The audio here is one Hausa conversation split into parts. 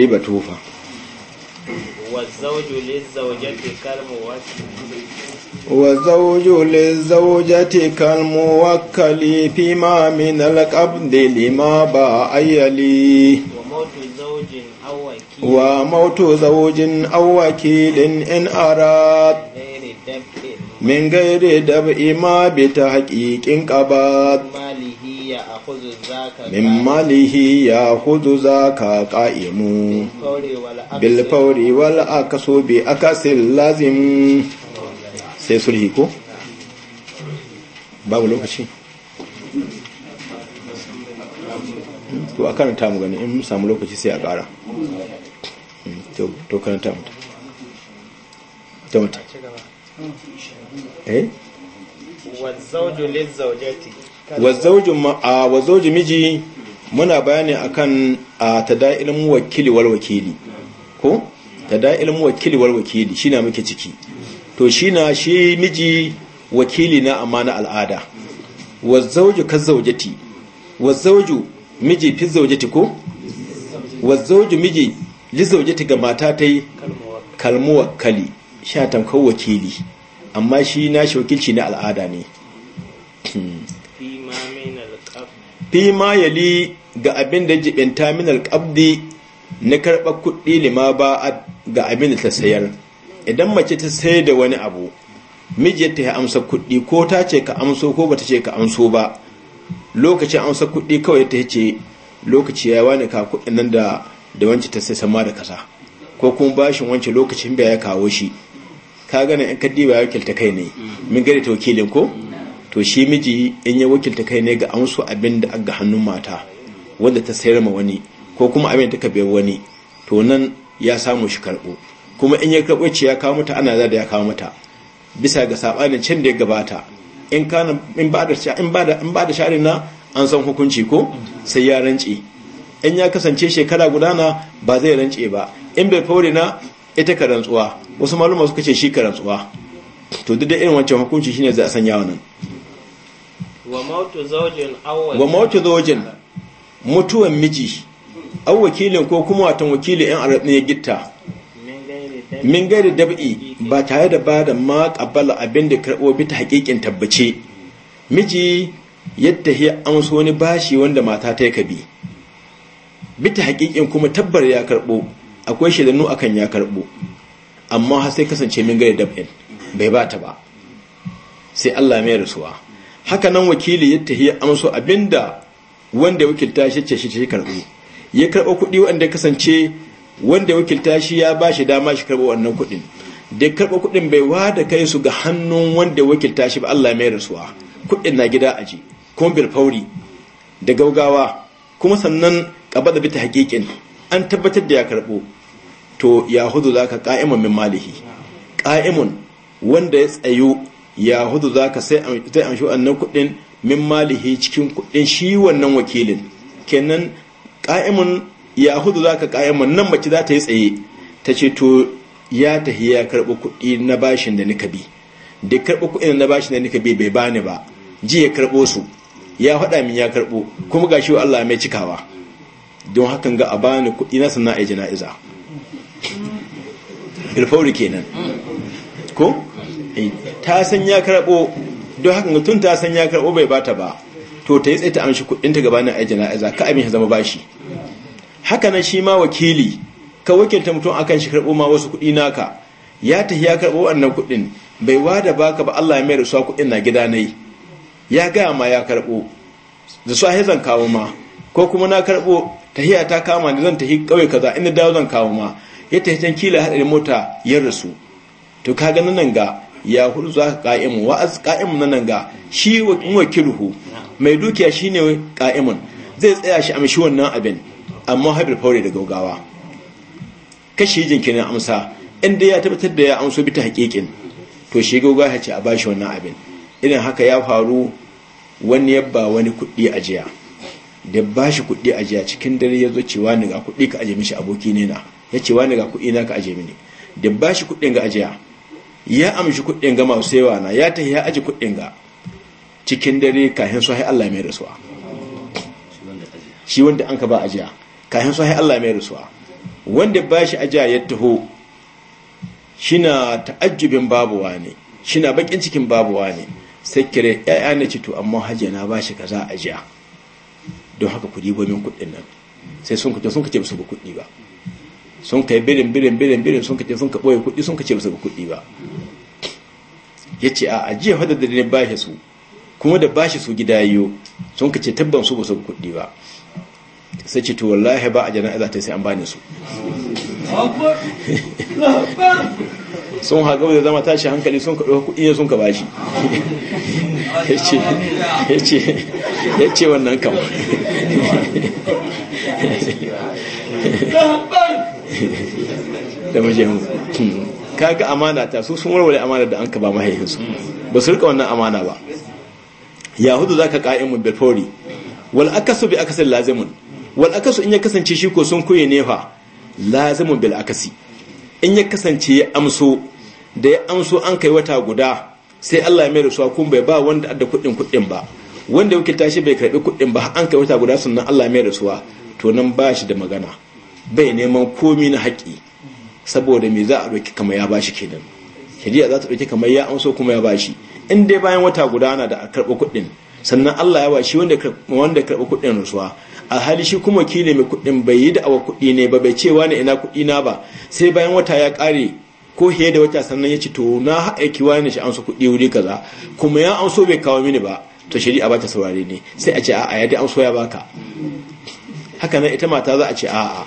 riba tufa wazawju lizawjati kalmuwakkali fima min alqabdi lima ba ayali wa mautu zawjin awwakilin in arad min gairi dab'i ma bi haƙiƙin qabat min malihi ya hudu za ka ƙa'imu bilfauri wal aka so bi aka lazim sai sulhi ko? babu lokaci to a karanta mu gani in samu lokaci sai a ƙara to karanta mu ta mutu eh? wazzaujo lizzaujo wa zauji miji muna bayani akan tada'il muwakkili wal wakili ko tada'ilin wakili wal wakili na muke ciki to shi na shi miji wakili na amana al'ada wa ka zaujati wa miji fi zaujati ko wa miji li zaujati ga mata ta yi kalmuwakkali sha tamkar wakili amma shi na shi wakilci na al'ada ne hmm. fi ma yali ga abin da jibinta min alƙabdi na karɓar kuɗi lima ba ga abin da ta sayar idan mace ta sayar da wani abu ta ya amsa kuɗi ko ta ce ka amso ko ba ta ce ka amso ba lokacin amsa kuɗi kawai ta ce lokaci ya wani ka kuɗin nan da da ta sai sama da kasa ko kuma bashin wance lokacin bai ya kawo shi ka gana in kaddi ba ya wakilta kai ne min gari ta wakilin ko to shi miji in ya wakilta kai ne ga amsu abin da aga hannun mata wanda ta sayar ma wani ko kuma abin da ta kabe wani to nan ya samu shi karbo kuma in ya karbo ce ya kawo mata ana za da ya kawo mata bisa ga sabanin can da ya gabata in kana in ba da in ba da in ba da sharin na an san hukunci ko sai ya rance in ya kasance shekara gudana ba zai rance ba in bai fore na ita ka rantsuwa wasu maluma suka ce shi ka rantsuwa to duk da irin wancan hukunci shine za a sanya wannan wa mautu zaujin mutuwan miji an wakilin ko kuma watan wakili yan arab ya gita. min gairi dab'i ba tare da ba da ma kabbala abin da karbo bi ta hakikin tabbace miji yadda ya amso wani bashi wanda mata ta ka bi bi ta hakikin kuma tabbar ya karbo akwai shaidannu akan ya karbo amma har sai kasance min gairi dab'in bai ba ta ba sai Allah mai rasuwa haka nan wakili ya tahi amso abinda wanda wakilta shi ce shi ce karbi ya karɓo kuɗi wanda kasance wanda wakilta shi ya ba shi dama shi karɓo wannan kuɗin da ya karɓo kuɗin bai wada kai su ga hannun wanda wakilta shi ba Allah mai rasuwa kuɗin na gida a aji kuma fauri da gaugawa kuma sannan ƙaba da bita haƙiƙin an tabbatar da ya karɓo to yahudu za ka ƙa'imun min malihi ƙa'imun wanda ya tsayo ya hudu za ka sai amshi wannan kuɗin min malihi cikin kuɗin shi wannan wakilin kenan ƙa'imun ya hudu za ka ƙa'imun nan mace za ta yi tsaye ta ce to ya tahi ya karɓi kuɗi na bashin da nika bi da karɓi kudi na bashin da nika bi bai bani ba ji ya karɓo su ya faɗa min ya karɓo kuma ga shi Allah mai cikawa don hakan ga a bani kuɗi na sana'a jana'iza ilfauri kenan ko ta san ya karɓo don haka mutum ta san ya karɓo bai bata ba to ta yi tsaye ta amshi kuɗinta gabanin ai jana'iza ka abin ya zama bashi haka na shi ma wakili ka wakilta mutum akan shi karɓo ma wasu kuɗi naka ya ta ya karɓo wannan kuɗin bai wada baka ba Allah ya mai rasuwa kuɗin na gida ne ya gaya ma ya karɓo da su ahe zan kawo ma ko kuma na karɓo tahiya ta kama ni zan tahi ƙauye kaza inda dawo zan kawo ma ya tahi can kila haɗarin mota ya rasu to ka ganin nan ga ya hulzu aka ka'imun wa az ka'imun nan ga shi wakiluhu mai dukiya shine ka'imun zai tsaya shi amshi wannan abin amma haifar faure da gaugawa kashi jinkirin amsa inda ya tabbatar da ya amso bi ta haƙiƙin to shi gaugawa ya ce a bashi wannan abin idan haka ya faru wani yabba wani kuɗi ajiya da bashi kuɗi ajiya cikin dare ya zo cewa ni ga kuɗi ka aje mishi aboki ne na ya ce wani ga kuɗi na ka aje mini da bashi kuɗin ga ajiya ya amshi kuɗin ga masu yawa na ya tahi ya aji kuɗin ga cikin dare kahin sahi Allah mai rasuwa shi wanda an ka ba ajiya kahin sahi Allah mai rasuwa wanda ba shi ajiya ya taho shina ta'ajjubin babuwa ne shina bakin cikin babuwa ne sai kire ƴaƴa na ci to amma hajiya na ba shi kaza ajiya don haka kudi bomin kuɗin nan sai sun kace sun kace su kuɗi ba sun kai birin birin birin birin sun kace sun ka boye kudi sun kace ba su ga kudi ba yace a jiya fadar da ne bashi su kuma da bashi su gidayo sun kace tabban su ba su ga kudi ba sai ce to wallahi ba a jana'iza ta sai an bani su sun haƙa da zama tashi hankali sun ka dauka kudi sun ka bashi yace yace wannan kama da mijin kaga amana ta su sun warware amana da an ka ba mahaihinsu ba su rika wannan amana ba yahudu zaka qa'imun mu fawri wal akasu bi akasal lazimun wal akasu in ya kasance shi ko sun kuye nefa lazimun bil akasi in ya kasance ya amso da ya amso an kai wata guda sai Allah ya mai rusuwa kun bai ba wanda adda kuɗin kuɗin ba wanda yake shi bai karbi kuɗin ba an kai wata guda sannan Allah ya mai rusuwa to nan ba shi da magana bai neman komi na haƙi saboda me za a ɗauki kamar ya bashi kenan shari'a za ta ɗauki kamar ya amso kuma ya bashi in dai bayan wata guda da a karɓa kuɗin sannan Allah ya bashi wanda wanda karɓa kuɗin rasuwa alhali shi kuma wakili mai kuɗin bai yi da awa kuɗi ne ba bai cewa ne ina kuɗi na ba sai bayan wata ya ƙare ko hiye da wata sannan ya ci to na aiki wani shi amsa kuɗi wuri kaza kuma ya amso bai kawo mini ba to shari'a ba ta saurare ne sai a ce a'a ya dai amso ya baka haka nan ita mata za a ce a'a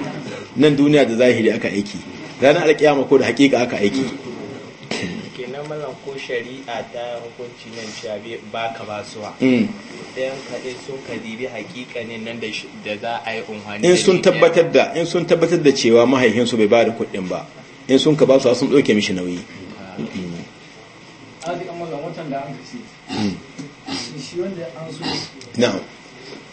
nan duniya da zahiri aka aiki ranar alkiyama ko da hakika aka aiki kenan mallan ko shari'a ta hukunci nan shabe ba ka basuwa mm. ɗayan kaɗai sun hakika ne nan da za a yi unhani in sun tabbatar da in sun tabbatar da cewa mahaihinsu bai ba da kuɗin ba in sun ka basuwa sun ɗauke mishi nauyi ji watan da an ka ce. Mm. shi na'am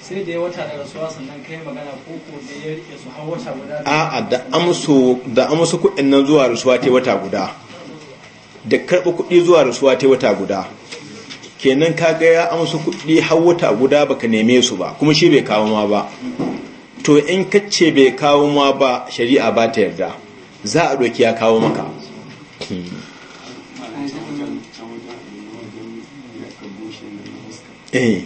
sai da ya wata da rasuwa sannan kai magana ko ko da ya rike su har wata guda a'a da amso da amso kuɗin nan zuwa rasuwa ta wata guda da karɓi kuɗi zuwa rasuwa ta wata guda kenan ka ga ya amso kuɗi har wata guda baka neme su ba kuma shi bai kawo ma ba to in ka ce bai kawo ma ba shari'a ba ta yarda za a ɗauki ya kawo maka eh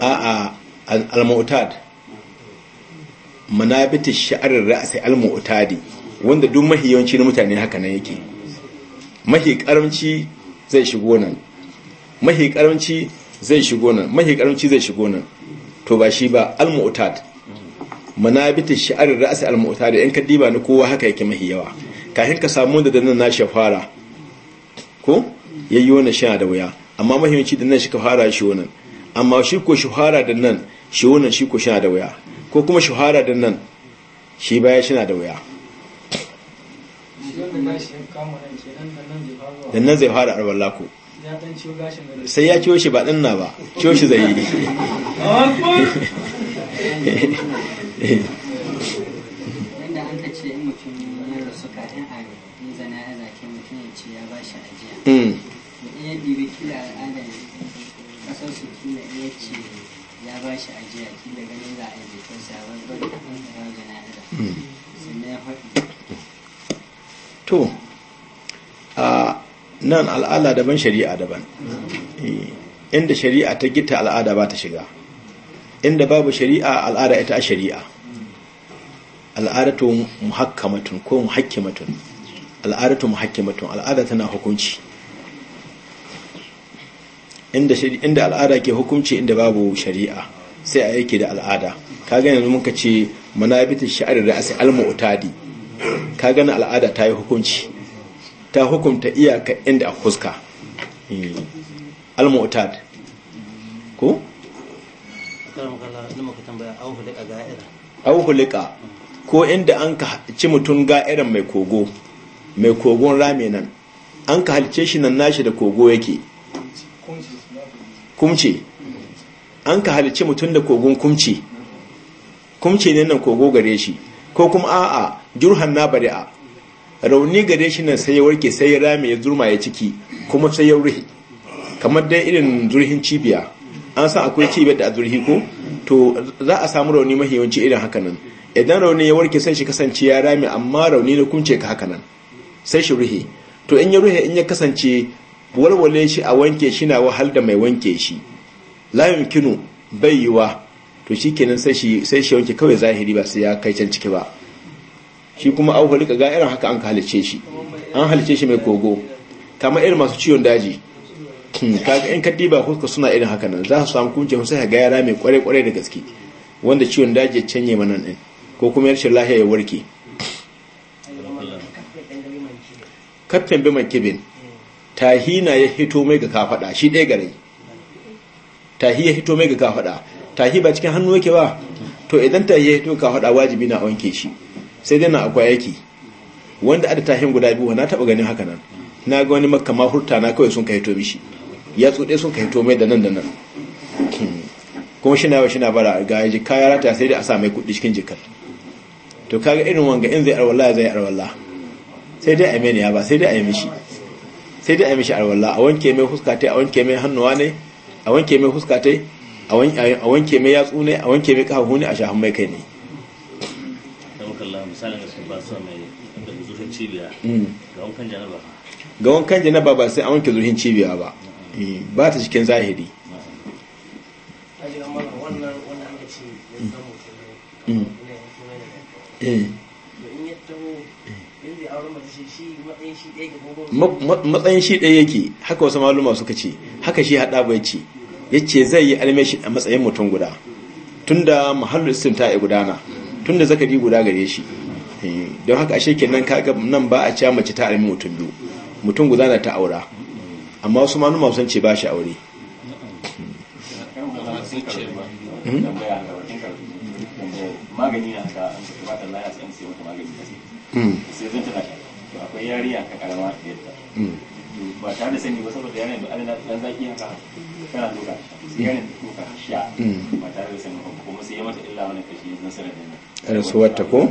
a'a al-mu'tad ta sha'arar ra'asi al-mu'tadi wanda duk mahi yawanci na mutane haka nan yake mahi karamci zai shigo nan mahi karamci zai shigo nan mahi karamci zai shigo nan to ba shi ba al-mu'tad ta sha'arar ra'asi al-mu'tadi in ka diba ni kowa haka yake mahi yawa kafin ka samu da nan na shafara ko yayyo na sha da wuya amma mahi yawanci da nan shi ka fara shi wannan amma shi ko shuhara da nan shi wannan shi ko shana da wuya ko kuma shuhara da nan shi baya shana da wuya da nan zai fara arwar sai ya ciwo shi ba ɗan na ba ciwo shi zai yi Mm. kasar su kila ce ya ba shi ajiya kila ganin za a yi sabon a sannan ya faɗi to a nan al'ada daban shari'a daban e, inda shari'a ta gita al'ada ba ta shiga inda babu shari'a al'ada ita a shari'a al'adatu muhakkamatun ko muhakkimatun al'adatu muhakkimatun al'ada tana hukunci inda al'ada ke hukunci inda babu shari'a sai a yake da al'ada ka gani yanzu muka ce manabitin sha'ar da asi al-mu'tadi ka gani al'ada ta yi hukunci ta hukunta iyaka inda a fuska eh, al-mu'tad ko auhulika ko inda an ka ci mutum ga'iran mai kogo mai kogon rame nan an ka halce shi nan nashi da kogo yake kumce an ka halicci mutum da kogon kumce kumce ne nan kogo gare shi ko kuma a'a jurhan na bari'a rauni gare shi nan sai ya warke sai ya rame ya zurma ya ciki kuma sai ya wuri kamar dai irin zurhin cibiya an san akwai cibiyar da a zurhi ko to za a samu rauni mahiyawanci irin haka nan idan rauni ya warke sai shi kasance ya rame amma rauni na kumce ka haka nan sai shi ruhe to in ya ruhe in ya kasance walwale shi a wanke shi na wahal da mai wanke shi layin yumkinu bai yiwa to shikenan sai shi sai shi wanke kawai zahiri ba sai ya kai can ciki ba shi kuma auhu halika ga irin haka an ka halice shi an halice shi mai kogo kama irin masu ciwon daji hmm, kaga in kaddi ba kuka suna irin haka nan za su samu kunce sai ga yara mai kware kware da gaske wanda ciwon daji ya canye mana din ko kuma yarshin lahiya ya warke kaftan mai kibin tahina ya hito mai ga kafada shi ɗaya gare tahi ya hito mai ga kafada tahi ba cikin hannu yake ba to idan tahi ya hito kafada wajibi na wanke shi sai dai na akwai yake wanda ada tahin guda biyu na taba ganin haka nan na ga wani makka mahurta na kawai sun ka hito mishi ya tsude sun ka hito mai da nan da nan kuma shi na yawa shi na bara ga ji kaya rata sai dai a sa mai kuɗi cikin jikar to kaga irin wanga in zai arwala zai arwala sai dai a ne ya ba sai dai a yi mishi sai dai a yi mishi alwala a wanke mai huska a wanke mai hannuwa ne a wanke mai huska a wanke mai yatsu ne a wanke mai kahu ne a shahan mai kai ne mm. ga wankan janaba ba sai a wanke zurhin cibiya ba eh, ba ta cikin zahiri Mm. Eh. matsayin shi ɗaya yake haka wasu maluma suka ce haka shi haɗa bai ce ya ce zai yi almashi a matsayin mutum guda tun da mahallin ta ya gudana tun da zakari guda gare shi eh, don haka ashe kenan kaga nan ba a cewa mace ta almi mutum biyu mutum guda na ta aura amma wasu maluma sun ce ba shi aure magani na ka an sai wata magani sai tana to akwai yariya ta karama a yadda hmm. ba tare da sani ba saboda yanayin alina dan zaki haka tana doka yanayin doka ba tare da sani ba kuma sai ya mata illa wani kashi da ko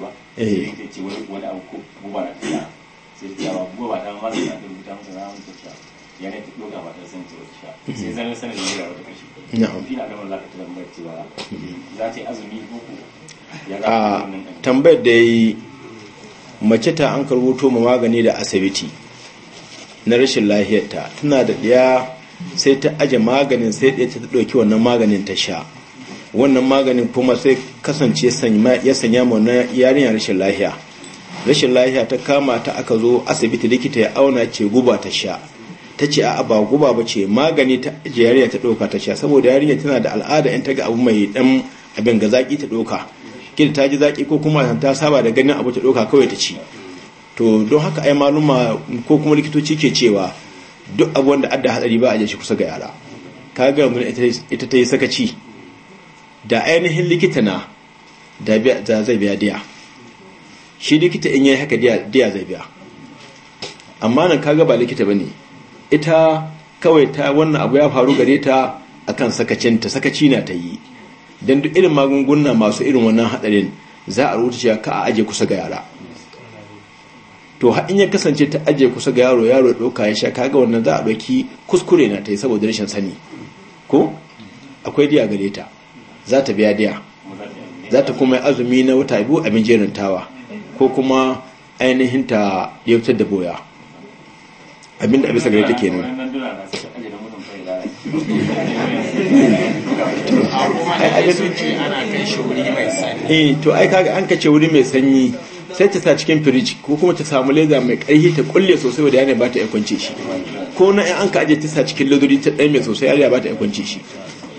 ba eh ta ce wani wani abu ko sai ta ba ta ma rubuta masa na ta yanayin ta doka ba ta sani ta wata sha hmm. sai sanar da wata kashi na'am cewa hmm. za ta yi azumi ko ya ga ah, tambayar da yi mace ta an karbuto ma magani da asibiti na rashin lahiyarta tana da ɗaya sai ta aje maganin sai ɗaya ta ɗauki wannan maganin ta sha wannan maganin kuma sai kasance ya sanya ma na yarinya rashin lahiya rashin lahiya ta kama ta aka zo asibiti likita ya auna ce guba ta sha ta ce a ba guba ba ce magani ta aje yarinya ta ɗauka ta sha saboda yarinya tana da al'ada in ta ga abu mai ɗan abin ga zaƙi ta ɗauka kila ta ji zaki ko kuma ta saba da ganin abu ta ɗauka kawai ta ci to don haka ai maluma ko kuma likitoci ke cewa duk abu wanda adda hatsari ba a shi kusa ga yara ka ga mun ita ta yi sakaci da ainihin likita na da zai biya diya shi likita in yi haka diya zai biya amma nan ga ba likita ba ne ita kawai ta wannan abu ya faru gare ta akan sakacinta sakaci na ta yi don duk irin magunguna masu irin wannan hadarin za a rubuta cewa ka a aje kusa ga yara to har ya kasance ta aje kusa ga yaro yaro ɗauka ya sha kaga wannan za a ɗauki kuskure na ta yi saboda rashin sani ko akwai diya gare ta za ta biya diya za ta kuma azumi na wata biyu abin jerin tawa ko kuma ainihin ta yautar da boya abinda a bisa gare ta kenan eh to ai kaga an kace wuri mai sanyi sai ta sa cikin firiji ko kuma ta samu leda mai ƙarfi ta kulle sosai wanda yana ba ta kwance shi ko na ai an ka aje ta sa cikin ledodi ta dai mai sosai yana ba ta kwance shi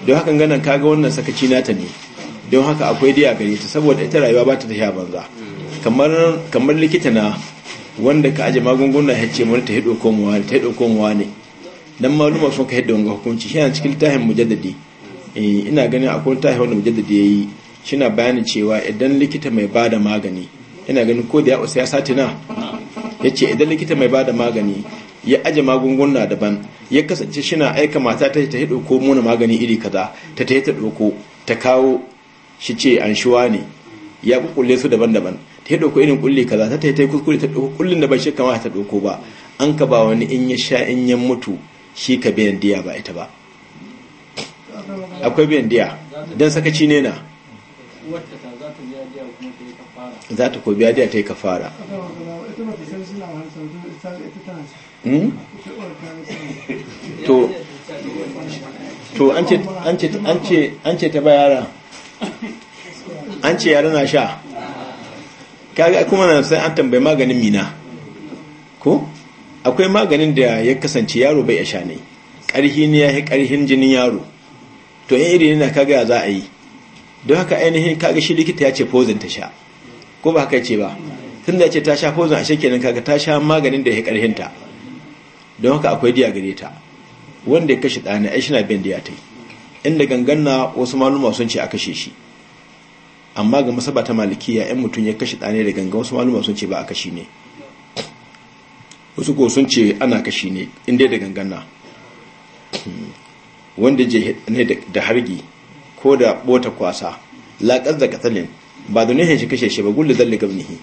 don haka ganan kaga wannan sakaci nata ne don haka akwai dai a gare ta saboda ita rayuwa ba ta tafiya banza kamar kamar likita na wanda ka aje magunguna ya ce ta hido komowa ta hido komowa ne dan maluma sun ka hidda wanga hukunci shi na cikin littafin mujaddadi eh, ina ganin akwai littafin wanda mujaddadi yayi shi na bayanin cewa idan likita mai bada magani ina ganin ko da ya usa ya sati na yace idan likita mai bada magani ya aje magunguna daban ya kasance shi na aika mata ta ta hido ko muna magani iri kaza ta ta ta doko ta kawo shi ce an shuwa ne ya kukulle su daban-daban ta hido ko irin kulle kaza ta ta ta kuskure ta doko kullun da ban shi kamata ta doko ba an ka ba wani in ya sha in ya mutu shi ka biyan diya ba ita ba akwai biyan diya don sakaci ne na za ta ko biya diya ta yi ka fara hmm? to an ce ta ba yara an ce yara na sha kuma na sai an tambayi maganin mina ko akwai maganin da ya kasance yaro bai sha ne ƙarhi ne ya yi ƙarhin jinin yaro to yin iri na kaga za a yi don haka ainihin kaga shi likita ya ce fozin ta sha ko ba haka ce ba tun da ya ce ta sha fozin a kenan kaga ta sha maganin da ya ƙarhin ta don haka akwai diya gare ta wanda ya kashe ɗana ai shina biyan ya ta yi inda na wasu maluma sun ce a kashe shi amma ga masaba ta malikiya yan mutum ya kashe ɗane da gangan wasu maluma sun ce ba a kashe ne wasu ko sun ce ana kashi ne inda da gangana wanda je ne da hargi ko da bota kwasa laƙar da katalin ba da nuhin shi kashe shi ba gulli zalli gabnihi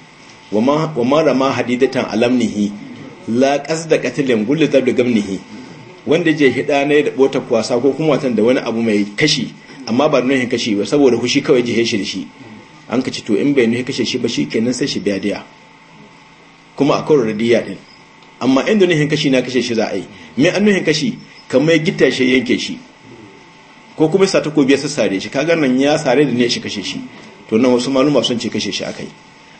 wa mara ma hadidatan alamnihi laƙas da katalin gulli zalli gabnihi wanda je hida ne da bota kwasa ko kuma watan da wani abu mai kashi amma ba da nuhin kashi ba saboda hushi kawai jihe shi da shi an ka ci to in bai nuhin kashe shi ba shi kenan sai shi biya diya kuma akwai radiyya din amma inda nuhin kashi na kashe shi za a yi mai an nuhin kashi kamar ya gita shi yanke shi ko kuma sa takobi ya sassare shi kagar nan ya sare da ne shi kashe shi to nan wasu maluma sun ce kashe shi akai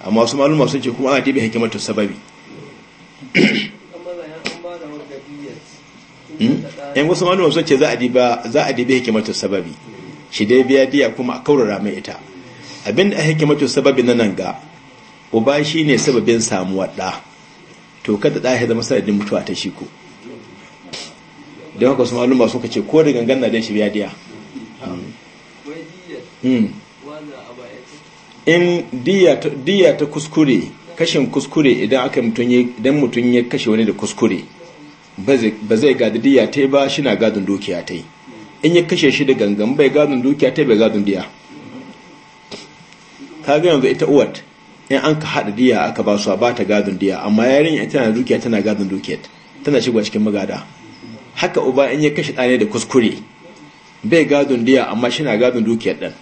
amma wasu maluma sun ce kuma ana tibi hikimatu sababi hmm? yan wasu maluma sun ce za a diba za a dibi sababi shi dai biya diya kuma a kaurara mai ita abin da hikimatu sababi na nan ga uba shine sababin samuwar da to kada da ya zama sanadin mutuwa ta shi ko don haka su malum ba suka ce ko da gangan na dai shi biya diya hmm. in diya ta kuskure kashin kuskure idan aka idan mutum ya kashe wani da kuskure ba zai gadi diya ta ba shi na gadin dukiya ta in ya kashe shi da gangan bai gadin dukiya ta bai gadin diya ta ga yanzu ita uwat in an ka haɗa diya aka ba su a ba ta gadon diya amma yarinya tana dukiya tana gadon dukiyar tana shigowa cikin magada haka uba in ya kashe ɗane da kuskure bai gadon diya amma shi na gadon dukiyar ɗan